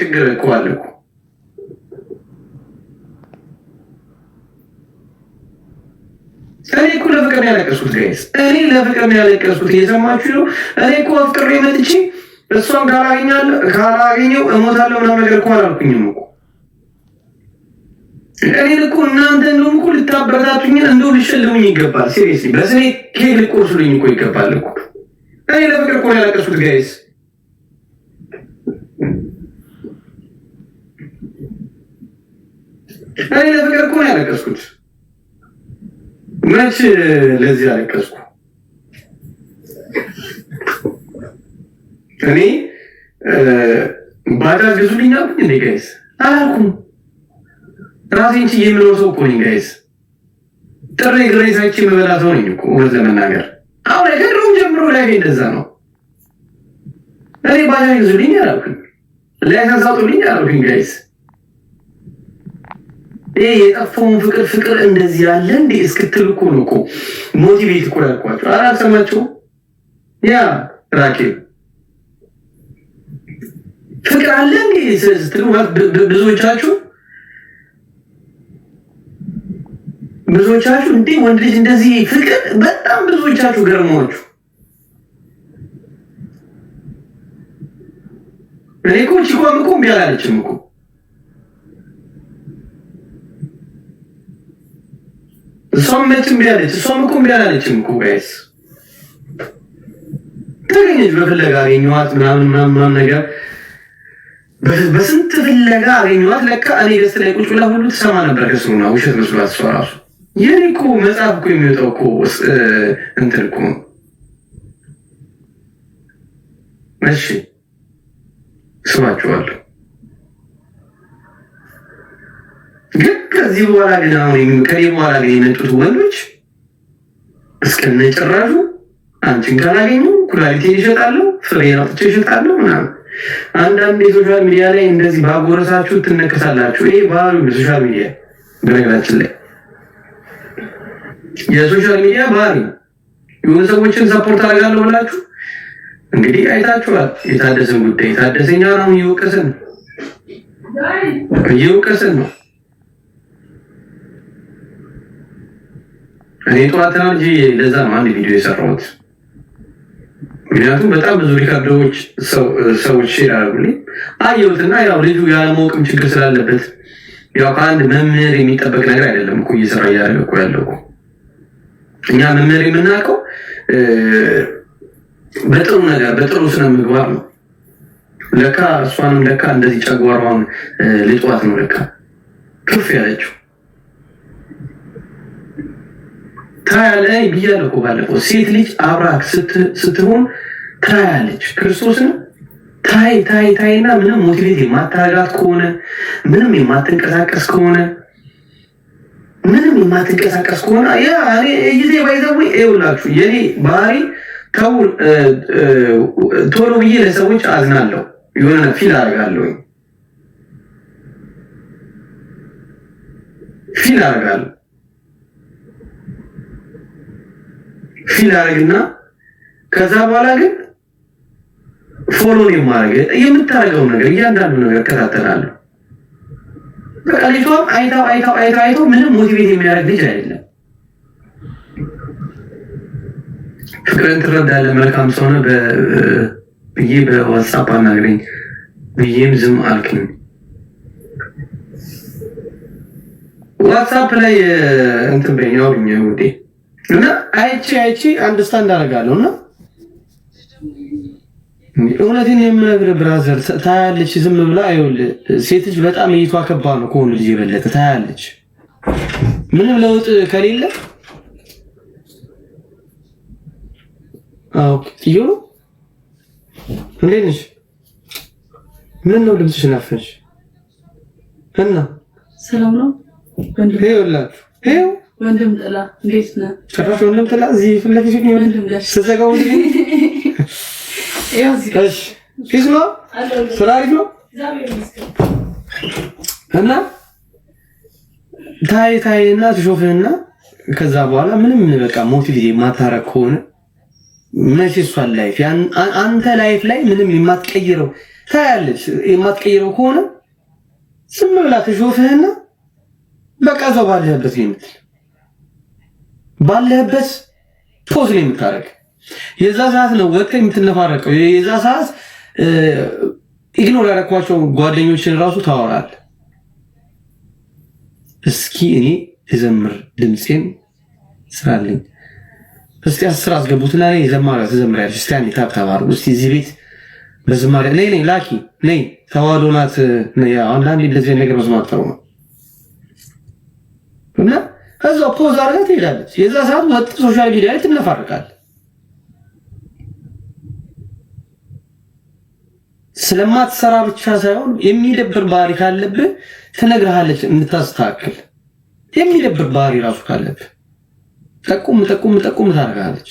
ችግር እኮ አለ እኮ እኔ እኮ ለፍቅር ያለቀስኩት። ጋይስ እኔ ለፍቅር ያለቀስኩት። እየሰማችሁ ነው። እኔ እኮ አፍቅሬ መጥቼ እሷን ካላገኘው እሞታለሁ ምናምን ነገር እኮ አላልኩኝም እኮ እኔን እኮ እናንተ እንደውም እኮ ልታበረታቱኝን እንደው ልሸልሙኝ ይገባል። ሲሪየስሊ በስሜ ኬክ ልቆርሱልኝ እኮ ይገባል እኮ እኔ ለፍቅር እኮ ያለቀስኩት ጋይስ እኔ ለፍቅር እኮ ነው ያለቀስኩት። መች ለዚህ ያለቀስኩ? እኔ ባጃጅ ግዙልኝ አልኩኝ እንዴ ጋይስ? አላልኩም። ራሴን ችዬ የምኖር ሰው እኮ ነኝ ጋይስ። ጥሬ ግሬ ሳይቼ የምበላ ሰው ነኝ እኮ እውነት ለመናገር አሁን ከድሮም ጀምሮ ላይ እንደዛ ነው። እኔ ባጃጅ ግዙልኝ አላልኩኝ፣ ላይሰንስ አውጡልኝ አላልኩኝ ጋይስ ይህ የጠፋውን ፍቅር ፍቅር እንደዚህ ያለ እንደ እስክትል እኮ ነው እኮ ሞቲቬት እኮ ያልኳቸው። ኧረ አልሰማችሁም? ያ ራኬብ ፍቅር አለ እንደ ስትል ብዙዎቻችሁ ብዙዎቻችሁ እንዴ ወንድ ልጅ እንደዚህ ፍቅር በጣም ብዙዎቻችሁ ገርመዋችሁ። እኔ እኮ ቺኳም እኮ እምቢ አላለችም እኮ እሷም መች እምቢ አለች። እሷም እኮ እምቢ አላለችም እኮ ጋይስ ተገኘች። በፍለጋ አገኘኋት ምናምን ምናምን ምናምን ነገር በስንት ፍለጋ አገኘኋት። ለካ እኔ ደስ ላይ ቁጭ ብላ ሁሉ ትሰማ ነበር ከስሙና ውሸት መስሏት እሷ ራሱ የኔ እኮ መጽሐፍ እኮ የሚወጣው እኮ እንትን እኮ እሺ ስማችኋለሁ ግን ከዚህ በኋላ ግን አሁን ከዚህ በኋላ ግን የመጡት ወንዶች እስከነጭራሹ አንቺን ካላገኙ ኩላሊቴን ይሸጣሉ፣ ፍሬ አውጥቼ ይሸጣሉ ምናምን። አንዳንድ የሶሻል ሚዲያ ላይ እንደዚህ ባጎረሳችሁ ትነከሳላችሁ። ይሄ ባህሉ የሶሻል ሚዲያ በነገራችን ላይ የሶሻል ሚዲያ ባህሪ የሆኑ ሰዎችን ሰፖርት አደርጋለሁ ብላችሁ እንግዲህ አይታችኋል። የታደሰን ጉዳይ የታደሰኛ ነው እየወቀሰን ነው እየወቀሰን ነው እኔ ጠዋት ነው እንጂ ለዛ ነው አንድ ቪዲዮ የሰራሁት። ምክንያቱም በጣም ብዙ ሪካርዶዎች ሰዎች ሼር አደረጉልኝ አየሁትና፣ ያው ልጁ ያለማወቅም ችግር ስላለበት ያው ከአንድ መምህር የሚጠበቅ ነገር አይደለም እኮ እየሰራ እያለ እኮ ያለው እኛ መምህር የምናውቀው በጥሩ ነገር በጥሩ ስነ ምግባር ነው። ለካ እሷንም ለካ እንደዚህ ጨጓሯን ልጧት ነው ለካ ክፍ ያለችው። ታያለህ ብያለሁ እኮ ባለፈው። ሴት ልጅ አብራክ ስትሆን ታያለች ክርስቶስን ታይ ታይ ታይና ምንም ሞቲቬት የማታረጋት ከሆነ ምንም የማትንቀሳቀስ ከሆነ ምንም የማትንቀሳቀስ ከሆነ ያ ጊዜ ባይዘዊ ይውላችሁ የኔ ባህሪ ተው ቶሎ ብዬ ለሰዎች አዝናለሁ፣ የሆነ ፊል አደርጋለሁ ፊል አርጋለሁ ፊል አደረግና ከዛ በኋላ ግን ፎሎ ነው የማረግ የምታደርገው ነገር እያንዳንዱ ነገር እከታተላለሁ። በቃ ልጅቷም አይታው አይታው አይታው አይታው ምንም ሞቲቬት የሚያደርግ ልጅ አይደለም። ፍቅርን ትረዳለህ መልካም ሰሆነ ብዬ በዋትሳፕ አናግረኝ ብዬም ዝም አልክኝ። ዋትሳፕ ላይ እንትን በይኝ አውሪኝ ውዴ እና አይቺ አይቺ አንደርስታንድ አደርጋለሁ እና እውነቴን የምነግርህ ብራዘር ታያለች። ዝም ብላ ይኸውልህ፣ ሴት ልጅ በጣም እይቷ ከባድ ነው ከሆኑ ልጅ የበለጠ ታያለች። ምንም ለውጥ ከሌለ ጥዩ ነው። እንዴት ነሽ? ምን ነው ድምፅሽ ናፈሽ? እና ሰላም ነው ይኸውላችሁ ይኸው ወንድም ጥላ እንዴት ነህ? ጭራሽ ወንድም ጥላ እዚህ ፊት ለፊት ወንድም ጋር እና ታይ ታይ እና ትሾፍህና ከዛ በኋላ ምንም በቃ ሞት ልጅ የማታረግ ከሆነ መቼ እሷን ላይፍ አንተ ላይፍ ላይ ምንም የማትቀይረው ታያለች የማትቀይረው ከሆነ ዝም ብላ ትሾፍህና በቃ እዛው ባለበት ነው የምትል ባለህበት ፖዝ ነው የምታደርግ። የዛ ሰዓት ነው ወጥተህ የምትነፋረቀው። የዛ ሰዓት ኢግኖር ያደረኳቸው ጓደኞችን ራሱ ታወራል። እስኪ እኔ የዘምር ድምፄን ስራልኝ እስቲ አስር አስገቡትና ነ የዘማሪ ትዘምሪያለሽ። እስቲ አንዴ ታብ ተማሩ እስቲ እዚህ ቤት በዝማሪ ነይ ነይ ላኪ ነይ ተዋዶናት አንዳንድ እንደዚህ ነገር መስማጠሩ ነው እና ከዛ ፖዝ አድርጋ ትሄዳለች። የዛ ሰዓት መጥ ሶሻል ሚዲያ ላይ ትነፋርቃለች። ስለማትሰራ ብቻ ሳይሆን የሚደብር ባህሪ ካለብህ ትነግርሃለች እንድታስተካክል። የሚደብር ባህሪ ራሱ ካለብህ ጠቁም ጠቁም ጠቁም ታደርጋለች።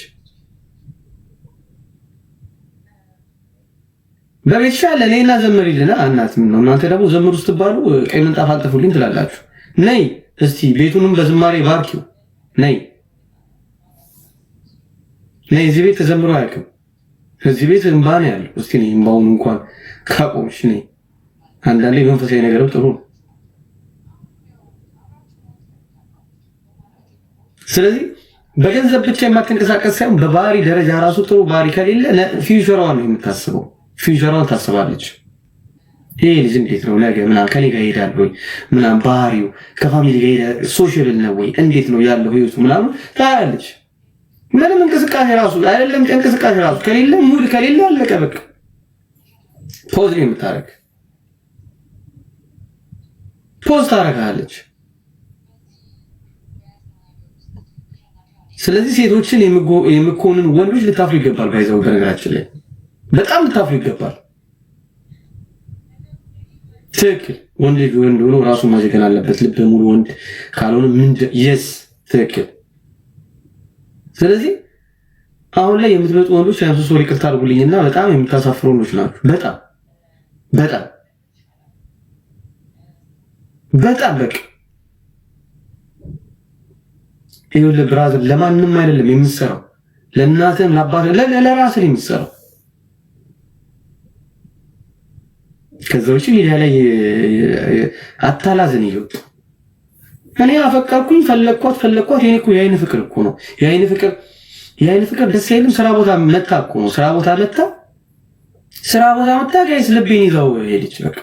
በቤትሻ ለሌላ ዘምር ይልና እናት፣ ነው። እናንተ ደግሞ ዘምር ውስጥ ባሉ ቀይ ምንጣፍ አልጥፉልኝ ትላላችሁ ነይ እስቲ ቤቱንም በዝማሬ ባርኪው። ነይ ነይ፣ እዚህ ቤት ተዘምሮ አያውቅም። እዚህ ቤት እንባ ነው ያለው። እስቲ ነይ፣ እንባውን እንኳን ካቆምሽ ነይ። አንዳንዴ መንፈሳዊ ነገር ጥሩ ነው። ስለዚህ በገንዘብ ብቻ የማትንቀሳቀስ ሳይሆን በባህሪ ደረጃ ራሱ ጥሩ ባህሪ ከሌለ ፊውቸሯን ነው የምታስበው። ፊውቸሯን ታስባለች። ይሄ ልጅ እንዴት ነው ነገ ምናምን ከኔ ጋር ይሄዳል ወይ ምናምን ባህሪው ከፋሚሊ ጋር ይሄዳል ሶሻል ነው ወይ እንዴት ነው ያለው ህይወቱ ምናምን ታያለች። ምንም እንቅስቃሴ ራሱ አይደለም እንቅስቃሴ ራሱ ከሌለ ሙድ ከሌለ አለቀ በቃ ፖዝ ነው የምታደርግ ፖዝ ታደርጋለች። ስለዚህ ሴቶችን የምኮንን ወንዶች ልታፍሩ ይገባል። ባይዘው በነገራችን ላይ በጣም ልታፍሩ ይገባል። ትክክል። ወንድ ልጅ ወንድ ሆኖ ራሱ ማዘገን አለበት። ልብ ሙሉ ወንድ ካልሆነ ምን የስ ትክክል። ስለዚህ አሁን ላይ የምትመጡ ወንዶች ያንሱ ሰው ይቅርታ አድርጉልኝና በጣም የምታሳፍሩ ወንዶች ናቸው። በጣም በጣም በጣም በቃ ይሁን ብራዘር፣ ለማንም አይደለም የምትሰራው፣ ለእናትህም ለአባትህ ለራስህ የምትሰራው ከዛ ውጭ ሚዲያ ላይ አታላዝን ይወጡ። እኔ አፈቀርኩኝ፣ ፈለኳት ፈለኳት። ይሄን እኮ የአይን ፍቅር እኮ ነው። የአይን ፍቅር የአይን ፍቅር ደስ አይልም። ስራ ቦታ መታ እኮ ነው። ስራ ቦታ መታ፣ ስራ ቦታ መታ። ጋይስ ልቤን ይዘው ሄደች። በቃ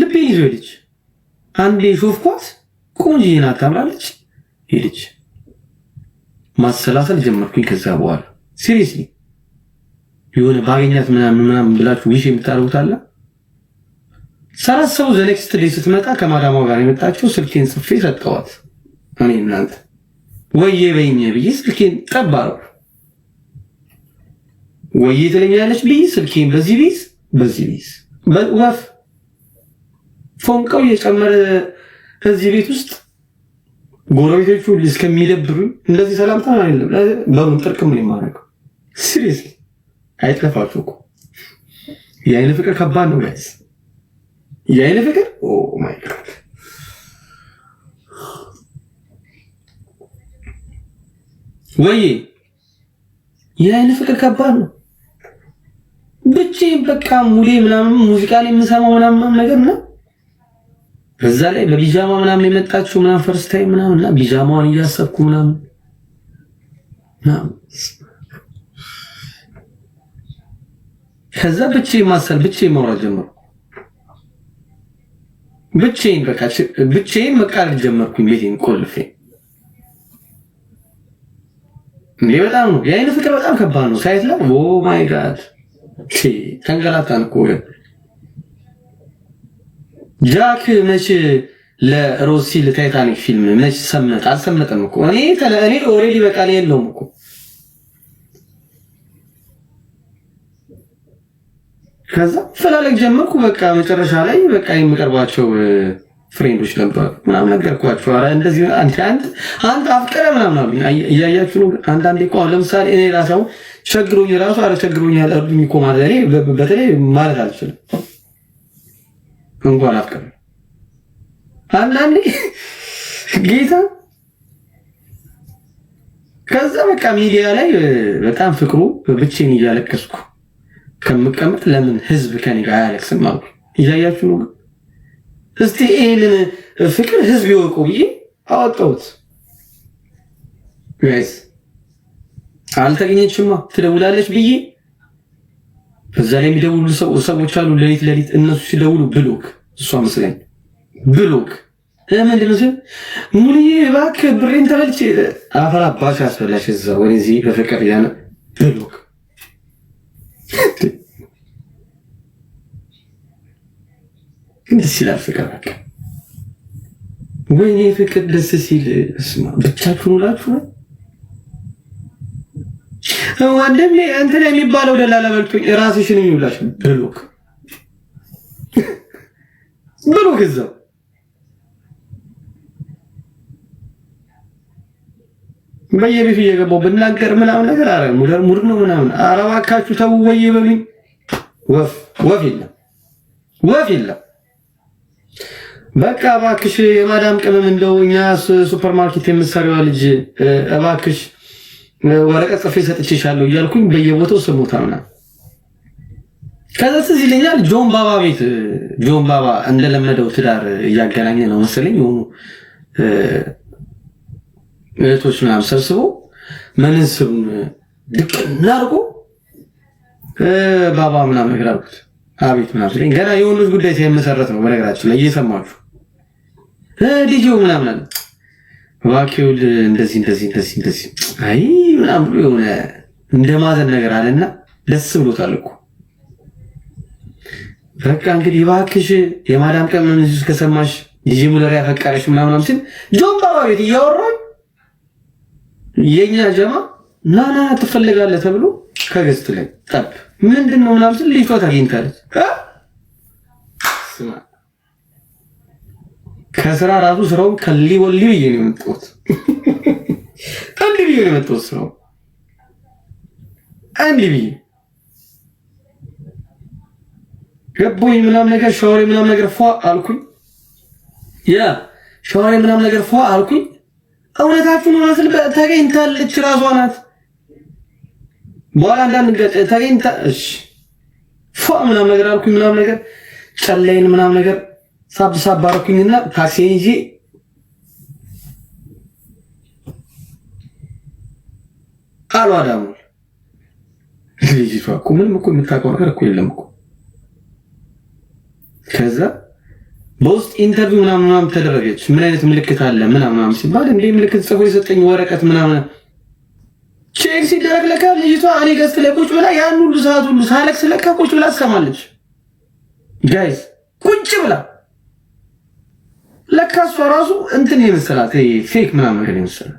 ልቤን ይዘው ሄደች። አንዴ ሾፍኳት፣ ቆንጆ ናት፣ ታምራለች፣ ሄደች። ማሰላሰል ጀመርኩኝ ከዛ በኋላ ሲሪየስሊ የሆነ ባገኛት ምናምን ምናምን ብላችሁ ዊሽ የምታደርጉት አለ። ሰራት ሰው ዘኔክስት ዴይ ስትመጣ ከማዳማው ጋር የመጣችው ስልኬን ጽፌ ሰጠዋት። እኔ እናንተ ወዬ በይኝ ብዬ ስልኬን ጠብ አለው። ወዬ ትለኛለች ብዬ ስልኬን በዚህ ቢዝ በዚህ ቢዝ ወፍ ፎንቀው የጨመረ እዚህ ቤት ውስጥ ጎረቤቶቹ እስከሚደብሩ እንደዚህ ሰላምታ አይደለም። በምን ጥርቅም ነው የማደርገው ሲሪየስሊ አይጥለፋችሁ እኮ የአይን ፍቅር ከባድ ነው ጋይስ። የአይን ፍቅር ኦ ማይ ጋድ ወይ የአይን ፍቅር ከባድ ነው። ብቻዬን በቃ ሙሌ ምናምን ሙዚቃ ላይ የምሰማው ምናምን ነገር ነው። በዛ ላይ በቢጃማ ምናምን የመጣችው ምናምን ፈርስት ታይም ምናምን እና ቢጃማውን እያሰብኩ ምናምን ከዛ ብቻዬን ማሰል ብቻዬን ማውራት ጀመርኩ። ብቻዬን በቃ ብቻዬን መቃረድ ጀመርኩኝ። ቤቴን ቆልፌ እንዴ በጣም ነው የአይን ፍቅር በጣም ከባድ ነው። ሳይት ላይ ኦ ማይ ጋድ ተንገላታን እኮ ጃክ መች ለሮሲ ለታይታኒክ ፊልም መች ሰመጠ አልሰመጠም እኮ እኔ እኔ ኦልሬዲ በቃ ላይ የለውም እኮ ከዛ ፈላለግ ጀመርኩ። በቃ መጨረሻ ላይ በቃ የምቀርባቸው ፍሬንዶች ነበር ምናምን ነገርኳቸው። እንደዚህ አንድ አንድ አፍቀረ ምናምን እያያችሁ ነው። አንዳንዴ እኮ ለምሳሌ እኔ ራሳው ቸግሮኝ ራሱ አረ ቸግሮኝ እርዱኝ እኮ ማለት እኔ በተለይ ማለት አልችልም። እንኳን አፍቀረ አንዳንዴ ጌታ ከዛ በቃ ሚዲያ ላይ በጣም ፍቅሩ ብቼን እያለቀስኩ ከምቀመጥ ለምን ህዝብ ከኔ ጋር አያለቅስም አሉ። እያያችሁ ነው። እስቲ ይህንን ፍቅር ህዝብ ይወቁ ብዬ አወጣሁት። ጋይስ አልተገኘችማ ትደውላለች ብዬ በዛ ላይ የሚደውሉ ሰዎች አሉ። ሌሊት ሌሊት እነሱ ሲደውሉ ብሎክ እሷ መስለኝ ብሎክ ምንድን ነው ሲል ሙሉዬ እባክህ ብሬን ተበልቼ አፈራ አባሽ አስበላሽ እዛ ወደዚህ በፍቅር ያነ ብሎክ ደስ ይላል ፍቅር። በቃ ወይኔ ፍቅር ደስ ሲል ስማ፣ ብቻችሁን ውላችሁ እንትን የሚባለው ደላላ በልቶኝ ራስሽን የሚውላሽ ብሎክ ብሎክ እዛው በየቤቱ እየገባው ብናገር ምናምን ነገር አረ ሙድ ነው ምናምን አረ እባካችሁ ተው ወይ በሉኝ። ወፍ ወፍ የለም ወፍ የለም። በቃ እባክሽ የማዳም ቅመም እንደው እኛ ሱፐርማርኬት የምትሰሪዋ ልጅ እባክሽ ወረቀት ጽፌ ሰጥቼሻለሁ እያልኩኝ በየቦታው ስሞታ ምናምን ከዛ ትዝ ይለኛል ጆን ባባ ቤት ጆን ባባ እንደለመደው ትዳር እያገናኘ ነው መሰለኝ የሆኑ እህቶች ምናምን ሰብስቦ መንስብ ድቅ አድርጎ ባባ ምናምን ነገር አልኩት። አቤት ምናምን ገና የወንዶች ጉዳይ ሳይመሰረት ነው በነገራችን ላይ እየሰማችሁ ልጅው ምናምን አለ እባክህ እንደዚህ እንደዚህ እንደዚህ እንደዚህ አይ ምናምን ብሎ የሆነ እንደማዘን ነገር አለና ደስ ብሎታል እኮ በቃ እንግዲህ እባክሽ የማዳም ቀመም ከሰማሽ ይጂ ሙለሪያ ፈቃሪሽ ምናምን ሲል ጆን ቤት እያወራን የኛ ጀማ ናና ና ትፈልጋለህ ተብሎ ከገዝት ላይ ጠብ ምንድን ነው ምናምን ስል ልጅቷ ታገኝታለች። ከስራ ራሱ ስራውን ከሊወሊ ብዬ ነው የመጣሁት፣ አንድ ብዬ ነው የመጣሁት ስራውን አንድ ብዬ ገቦኝ ምናምን ነገር ሻወሬ ምናምን ነገር ፏ አልኩኝ። ያ ሻወሬ ምናምን ነገር ፏ አልኩኝ። እውነታችሁን መስል ተገኝታለች። ራሷ ናት። በኋላ አንዳንድ ተገኝታ እሺ ፏ ምናምን ነገር አልኩኝ ምናምን ነገር ጨላይን ምናም ነገር ሳብ ሳብ አደረኩኝና ታክሲ እንጂ አሉ አዳሙ ልጅቷ እኮ ምንም እኮ የምታውቀው ነገር እኮ የለም እኮ ከዛ በውስጥ ኢንተርቪው ምናምን ምናምን ተደረገች። ምን አይነት ምልክት አለ ምናምን ሲባል እንደ ምልክት ጽፎ የሰጠኝ ወረቀት ምናምን ቼክ ሲደረግ ለካ ልጅቷ እኔ ገዝት ላይ ቁጭ ብላ ያን ሁሉ ሰዓት ሁሉ ሳለቅስ ለካ ቁጭ ብላ ትሰማለች። ጋይስ ቁጭ ብላ ለካ እሷ ራሱ እንትን የመሰላት ፌክ ምናምን ነገር የመሰላት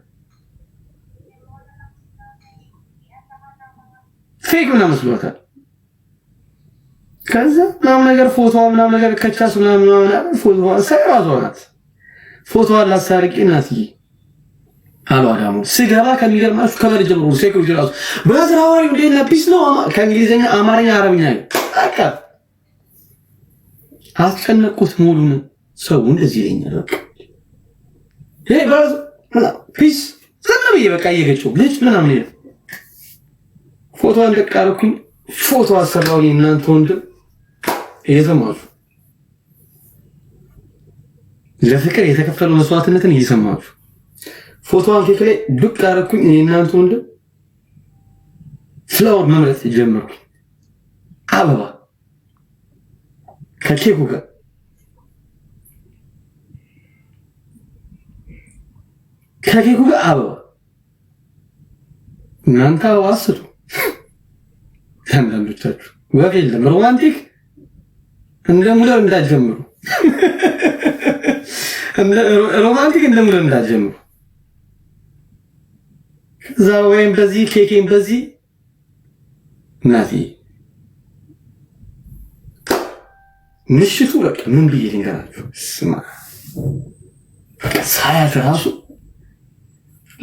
ፌክ ምናምን መስሏታል። ከዛ ምናምን ነገር ፎቶዋ ምናምን ነገር ከቻስ ምናምን ምናምን ፎቶዋ ሳይራዟ ናት። ፎቶዋ ላሳርቂ ናት አሉ አዳሙ። ስገባ ከሚገርማችሁ ከበር ጀምሮ ሴኩሪቲ ራሱ በስራ ወሬ እንደ ነቢስ ነው። ከእንግሊዝኛ አማርኛ፣ አረብኛ በቃ አስጨነቁት። ሙሉን ሰው እንደዚህ ይለኛል። በቃ ይሄ ብራዝ ፒስ ዝም ብዬ በቃ እየገጨው ልጅ ምናምን ይላል። ፎቶ ደቃ ፎቶ አሰራው እናንተ ወንድም እየሰማችሁ ለፍቅር የተከፈለው መስዋዕትነትን እየሰማችሁ ፎቶዋን ኬክ ላይ ዱቅ አደረኩኝ። እኔ እናንተ ወንድም ፍላወር መምረጥ ጀመርኩ አበባ ከኬኩ ጋር ከኬኩ ጋር አበባ እናንተ አበባ አስጡ። አንዳንዶቻችሁ ወፍ የለም ሮማንቲክ እንደ ሙለው እንዳትጀምሩ፣ ሮማንቲክ እንደ ሙለው እንዳትጀምሩ። ከዛ ወይም በዚህ ኬኬም በዚህ እናቴ ምሽቱ በቃ ምን ብዬ ልንገራችሁ? ስማ ሳያት ራሱ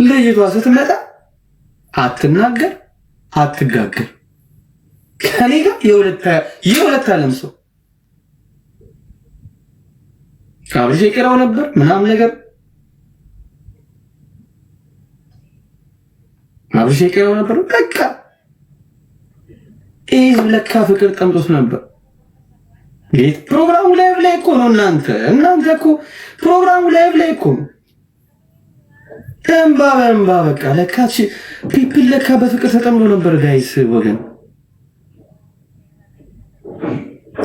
ለየቷ ስትመጣ አትናገር፣ አትጋገር ከኔ ጋር የሁለት ዓለም ሰው አብርሽ ይቀራው ነበር ምናምን ነገር አብርሽ ይቀራው ነበር። በቃ ይህ ለካ ፍቅር ጠምጦት ነበር። ቤት ፕሮግራሙ ላይቭ ላይ እኮ ነው። እናንተ እናንተ እኮ ፕሮግራሙ ላይቭ ላይ እኮ ነው። እምባ በእምባ በቃ ለካ ፒፕል ለካ በፍቅር ተጠምዶ ነበር ጋይስ ወገን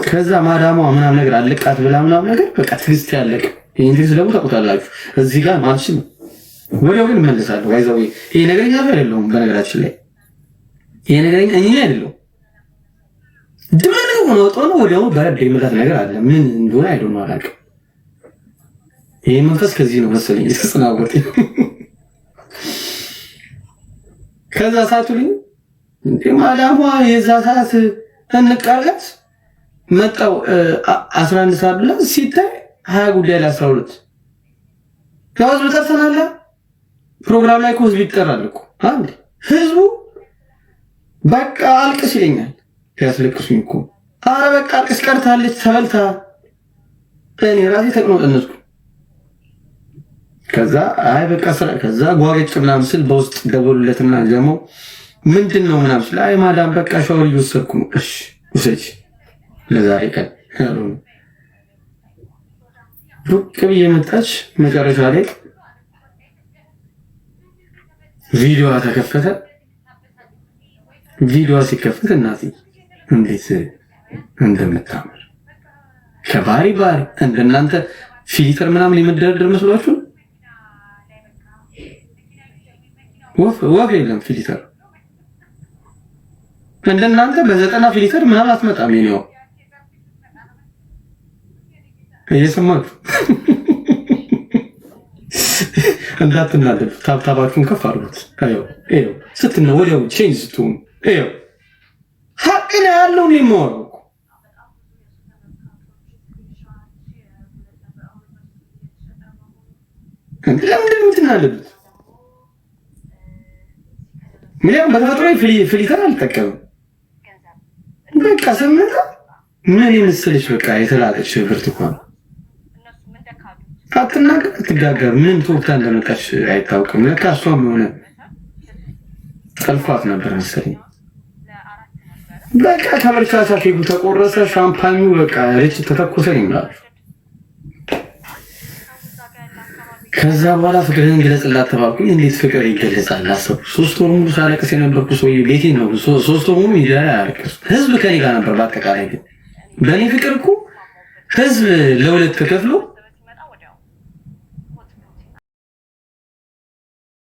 ከዛ ማዳማ ምናምን ነገር አለቃት ብላ ምናምን ነገር በቃ ትግስት ያለቅ ይህን ትግስት ደግሞ ታውቁታላችሁ። እዚህ ጋር ማንሽ ወዲያው ግን መልሳለሁ። ይዛው ይሄ ነገረኛ አይደለሁም። በነገራችን ላይ ይሄ ነገረኛ እኔ አይደለሁም። ድመን ሆነ ወጦ ነው ወዲያው በረድ የምላት ነገር አለ። ምን እንደሆነ አይደለም አላውቅም። ይሄ መንፈስ ከዚህ ነው መሰለኝ የተሰናወጠ። ከዛ ሰዓቱ እንዴ ማዳሟ የዛ ሰዓት እንቃላት መጣው 11 ሰዓት ብለ ሲታይ ሀያ ጉዳይ ላይ 12 ከህዝብ ጠርተናል። ፕሮግራም ላይ ህዝብ ይጠራል እኮ አንዴ ህዝቡ በቃ አልቅስ ይለኛል። ያስለቅሱኝ እኮ አረ በቃ አልቅስ ቀርታለች ተበልታ እኔ ራሴ ተቅነጠነጥኩ። ከዛ አይ በቃ ስራ ከዛ ጓገጭ ምናምን ስል በውስጥ ደወሉለትና ደግሞ ምንድን ነው ምናምን ስል አይ ማዳም በቃ ሻወር እየወሰድኩ ነው። እሺ ውሰጅ ለዛሬ ቀን ሩቅ ብዬ መጣች። መጨረሻ ላይ ቪዲዮዋ ተከፈተ። ቪዲዮዋ ሲከፈት እናቴ እንዴት እንደምታምር ከባህሪ ባህሪ እንደናንተ ፊልተር ምናምን የመደረደር መስሏችሁ ወፍ የለም ፊልተር እንደናንተ በዘጠና ፊልተር ምናምን አትመጣም የኔው እየሰማችሁ እንዳትናደዱ፣ ታብታባችሁን ከፍ አድርጉት። ስትና ወዲያው ቼንጅ ስትሆኑ ሀቅ ነው ያለውን የማወራው ለምንድን ነው የምትናደዱት? ምንም በተፈጥሮ ፍሊተር አልጠቀምም። በቃ ሰምታ ምን ይመስልሽ? በቃ የተላጠች ብርቱካን አትናገር አትጋገር። ምን ተወቅታ እንደመጣች አይታወቅም። ለካ እሷም የሆነ ጠልኳት ነበር መሰለኝ። በቃ ከመርካሳ ኬኩ ተቆረሰ፣ ሻምፓኙ በቃ ርጭ ተተኮሰ ይምላል። ከዛ በኋላ ፍቅርህን ግለጽላት ተባልኩኝ። እንዴት ፍቅር ይገለጻል አሰብ ሶስት ወር ሙሉ ሳለቅስ የነበርኩ ሰው ቤቴ ነው። ሶስት ወር ሙሉ ሚዲያ ያለቅስ ህዝብ ከኔ ጋር ነበር። በአጠቃላይ ግን በእኔ ፍቅር እኮ ህዝብ ለሁለት ተከፍሎ